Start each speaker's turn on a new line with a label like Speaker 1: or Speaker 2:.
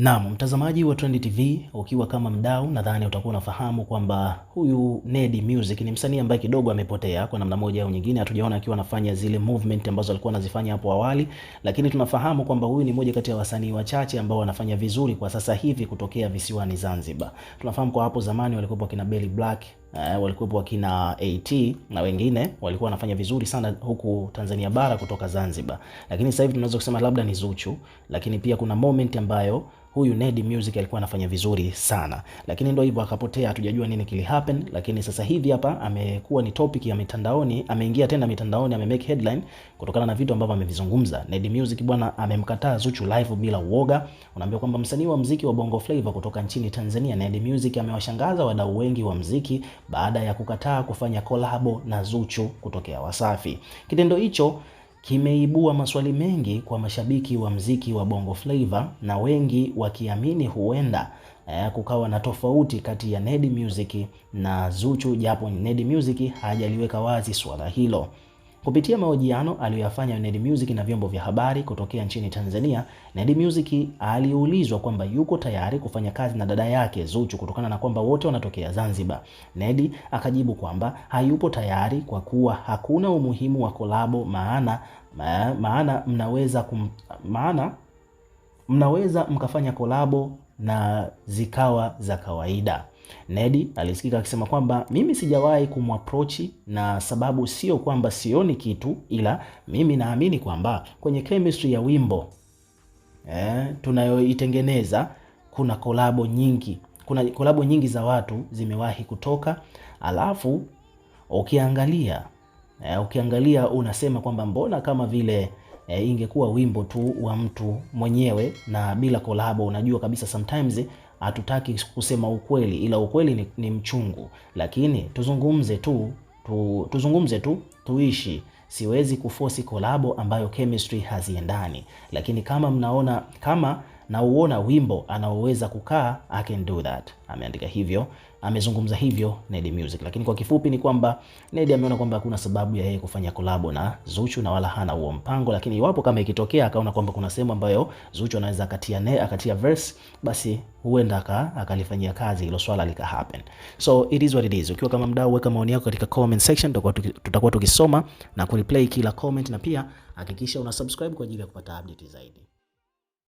Speaker 1: Naam, mtazamaji wa Trend TV, ukiwa kama mdau, nadhani utakuwa unafahamu kwamba huyu Nedi Music ni msanii ambaye kidogo amepotea kwa namna moja au nyingine. Hatujaona akiwa anafanya zile movement ambazo alikuwa anazifanya hapo awali, lakini tunafahamu kwamba huyu ni moja kati ya wasanii wachache ambao wanafanya vizuri kwa sasa hivi kutokea visiwani Zanzibar. Tunafahamu kwa hapo zamani walikuwa wakina Belly Black Uh, walikuwepo wakina AT eh, na wengine walikuwa wanafanya vizuri sana huku Tanzania bara kutoka Zanzibar, lakini sasa hivi tunaweza kusema labda ni Zuchu, lakini pia kuna moment ambayo huyu Ned Music alikuwa anafanya vizuri sana, lakini ndio hivyo akapotea, hatujajua nini kili happen. Lakini sasa hivi hapa amekuwa ni topic ya mitandaoni, ameingia tena mitandaoni, ame make headline kutokana na vitu ambavyo amevizungumza. Ned Music bwana amemkataa Zuchu live bila uoga. Unaambia kwamba msanii wa mziki wa Bongo Flava kutoka nchini Tanzania Ned Music amewashangaza wadau wengi wa mziki baada ya kukataa kufanya collab na Zuchu kutokea Wasafi. Kitendo hicho kimeibua maswali mengi kwa mashabiki wa mziki wa Bongo Flava na wengi wakiamini huenda eh, kukawa na tofauti kati ya ned Music na Zuchu, japo Nedi Music hajaliweka wazi swala hilo. Kupitia mahojiano aliyoyafanya Ned Music na vyombo vya habari kutokea nchini Tanzania, Ned Music aliulizwa kwamba yuko tayari kufanya kazi na dada yake Zuchu kutokana na kwamba wote wanatokea Zanzibar. Ned akajibu kwamba hayupo tayari kwa kuwa hakuna umuhimu wa kolabo, maana ma, maana mnaweza kum, maana mnaweza mkafanya kolabo na zikawa za kawaida. Ned alisikika akisema kwamba mimi sijawahi kumapproach na sababu sio kwamba sioni kitu, ila mimi naamini kwamba kwenye chemistry ya wimbo eh, tunayoitengeneza kuna kolabo nyingi, kuna kolabo nyingi za watu zimewahi kutoka, alafu ukiangalia eh, ukiangalia unasema kwamba mbona kama vile E, ingekuwa wimbo tu wa mtu mwenyewe na bila kolabo, unajua kabisa sometimes hatutaki kusema ukweli, ila ukweli ni, ni mchungu, lakini tuzungumze tu, tu tuzungumze tu tuishi. Siwezi kufosi kolabo ambayo chemistry haziendani, lakini kama mnaona kama na uona wimbo anaoweza kukaa I can do that. Ameandika hivyo, amezungumza hivyo Ned Music, lakini kwa kifupi ni kwamba Ned ameona kwamba hakuna sababu ya yeye kufanya kolabo na Zuchu na wala hana huo mpango, lakini iwapo kama ikitokea akaona kwamba kuna sehemu ambayo Zuchu anaweza akatia ne, akatia verse, basi huenda akalifanyia kazi hilo swala lika happen. So it is what it is. Ukiwa kama mdau, weka maoni yako katika comment section, tutakuwa tukisoma na kureplay kila comment, na pia hakikisha una subscribe kwa ajili ya kupata update zaidi.